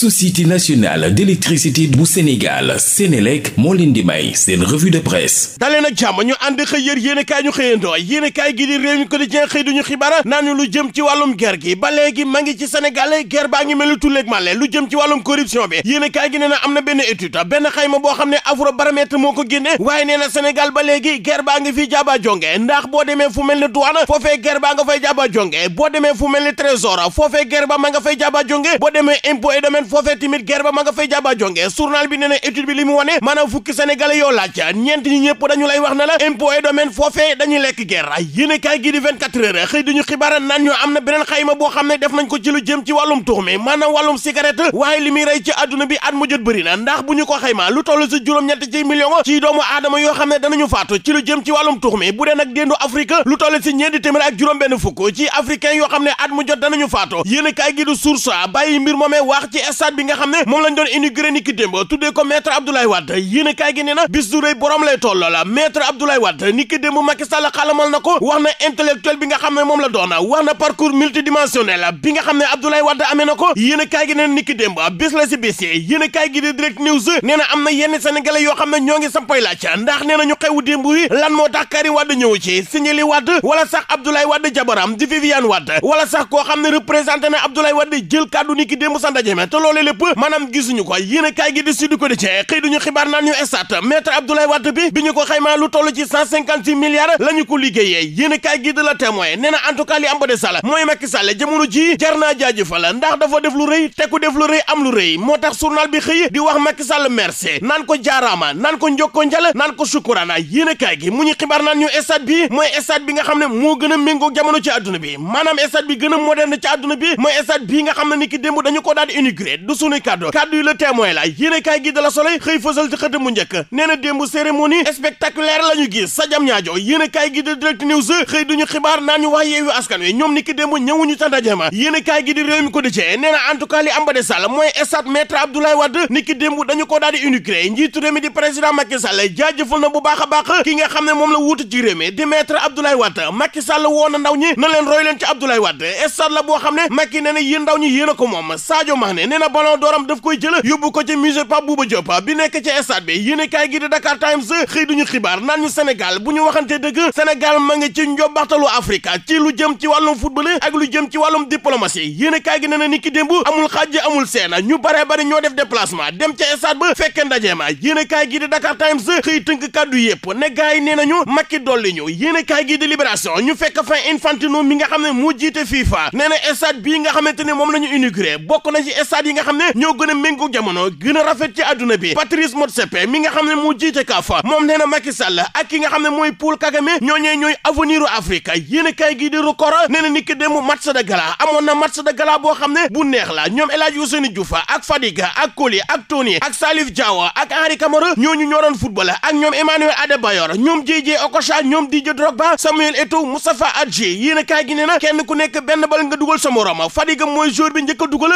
société nationale d'électricité bu Sénégal Sénélec moo leen di may seen revue de presse dalee nag jàmm ñu ànd xëy yër yéen i kaay ñu xëyandoo yéen i kaay gi di réew mi quotidien xëy duñu xibaar naan ñu lu jëm ci wàllum ger gi ba léegi ma ngi ci Sénégal ger baa ngi mel ni tulleeg màlle lu jëm ci wàllum corruption bi yéen i gi nee na am na benn étude benn xayma boo xam ne Afrobaromètre moo ko ne waaye nee na Sénégal ba léegi ger baa ngi fii jaaba jonge ndax boo demee fu mel ni douane foofee ger baa nga fay jaaba demee fu mel ni trésor foofee ger ba ma nga fay jaaba jonge boo demee impôt et foofee tamit guerre ba ma nga fay jaba jonge journal bi nee étude bi li wane maanaam fukki sénégalais yoo laaj ñeent ñi ñëpp dañu lay wax ne la impôt et domaine dañuy lekk guerre yéen a gi di 24 heures xëy duñu xibaar naan ñu am na beneen xayma boo xam ne def nañ ko ci lu jëm ci wàllum tuux mi wàllum cigarette waaye li rey ci àdduna bi at mu jot ndax bu ñu ko xayma lu toll si juróom-ñett ci million ci doomu aadama yoo xam ne danañu faatu ci lu jëm ci wàllum tuux stade bi nga xam ne moom lañ doon inauguré ni ki démb tuddee ko maître Abdoulaye Wade yéen kaay gi na bis du rëy lay toll la maître Abdoulaye Wade ni ki démb Macky Sall na ko wax na intellectuel bi xam ne moom la doon wax na parcours multidimensionnel bi xam ne Abdoulaye Wade amee na ko yéen kaay gi na ni ki démb bis la si bis yéen kaay gi di direct news na am na yenn sénégalais yoo xam ne ñoo ngi sampay laaj ndax ne na loole lépp maanaam gisuñu ko yéen a kaay gi di suddu ko di cee xëy duñu xibaar naan ñu estat maître Abdoulaye Wade bi bi ñu ko xaymaa lu toll ci cent cinquante six milliards la ñu ko liggéeyee yéen a kaay gi de la témoin nee na en tout cas li am ba de sala mooy Macky ji jar ndax dafa def rëy te ku def rëy am lu rëy moo tax journal bi xëy di wax Macky Sall merci naan ko jaaraama naan ko njokko njal naan ko sukuraana yéen a kaay gi mu a méngoo jamono ci àdduna bi maanaam estat bi a moderne ci ko du sunuy kàddu la témoin la yéene kaay gi da la Soleil xëy fësal ci xët mu njëkk nee na démb cérémonie spectaculaire la ñu gis ñaajo yéene kaay gi di direct news xëy duñu xibaar naa ñu wax yeewu askan wi ñoom ni ki démb ñëwuñu ca ndaje ma yéene kaay gi di réew mi ko di cee nee na en tout ambade sall mooy stade maître Abdoulaye Wade ni dañu ko daal di unicré njiitu réew mi di président Macky Sall na bu baax a baax ki nga xam ne moom la wuutu ci réew mi Sall woo na ndaw na leen roy leen ci Abdoulaye boo xam ne Macky nee na yéen ndaw ñi yéen a ko moom Sadio Mané na ballon d'oram daf koy jël yóbbu ko ci musée Pape Bouba Diop bi nekk ci stade bi yéen kaay gi di Dakar Times xëy duñu xibaar naan ñu Sénégal bu ñu waxante dëgg Sénégal ma ngi ci njobbaxtalu Afrique ci lu jëm ci wàllum football ak lu jëm ci wàllum diplomatie yéen kaay gi nee na ni ki démb amul xaaj amul seen ñu baree bari ñoo def déplacement dem ci stade ba fekk ndaje ma yéen kaay gi di Dakar Times xëy tënk kàddu yépp ne gars yi nee ñu yéen kaay fekk fa mi nga xam ne mu jiite FIFA nee na stade nga xamante ne moom la ñu inauguré bokk na ci yi nga xam ne ñoo gën a méngoo jamono gën a rafet ci àdduna bi Patrice Motsepe mi nga xam ne moo jiite CAF moom nee na Macky ak ki nga xam ne mooy Paul Kagame ñooñee ñooy avenir u Afrique yéen a kaay gii di record ni ki démb match de amoon na match de boo xam ne bu neex la ñoom El Hadj Ousseynou Diouf ak Fadiga ak Koli ak Tony ak Salif Diawa ak Henri Camara ñooñu ñoo doon football ak ñoom Emmanuel Adebayor ñoom ñoom Didier Drogba Samuel ku nekk benn bal nga dugal sa morom Fadiga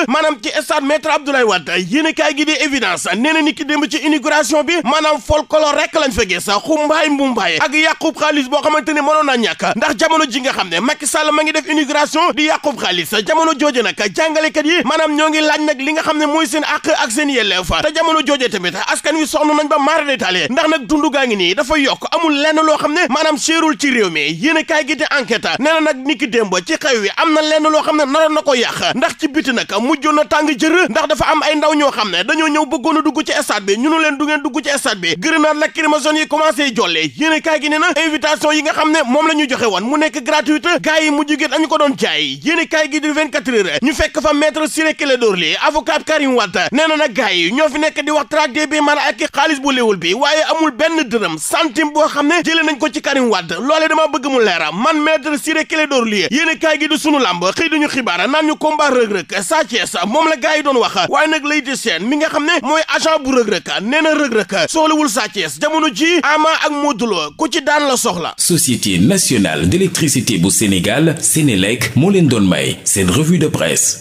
a maître Abdoulaye Wade yéen kaay gi di évidence nee na ni ci inauguration bi maanaam folklore rek lañ sa gis xumbaay mbumbaay ak yàqub xaalis boo xamante ni mënoon naa ñàkk ndax jamono ji nga xam ne Macky Sall ma ngi def inauguration di yàqub xaalis jamono jooje nag jàngalekat yi maanaam ñoo ngi laaj nag li nga xam ne mooy seen àq ak seen yelleef te jamono jooje tamit askan wi soxna nañ ba maara détaillé ndax nag dund ngi nii dafa yokk amul lenn loo xam ne maanaam séerul ci réew mi yéen kaay gi di enquête nee na nag ni ki am na lenn loo xam ne naroon na ko yàq ndax ci biti nag mujjoon na tàng jër biir ndax dafa am ay ndaw ñoo xam ne dañoo ñëw bëggoon a dugg ci stade bi ñu nu leen du ngeen dugg ci stade bi yi commencé jolle yéen kaay gi ne na invitation yi nga xam yi ko doon jaay yéen kaay gi di 24 heures ñu fekk fa benn dërëm centime boo xam ne jëlee nañ ko ci Karim Wade loolee dama sunu làmb xëy duñu xibaar naan ñu combat rëg-rëg Sa moom la gars doon wax waaye nag lay Sène mi nga xam ne mooy agent bu rëg-rëk nee na rëg-rëk soxlawul Sa Thiès jamono ji Ama ak Modou Lo ku ci daan la soxla Société nationale d'électricité bu Sénégal Sénélec moo leen doon may seen revue de presse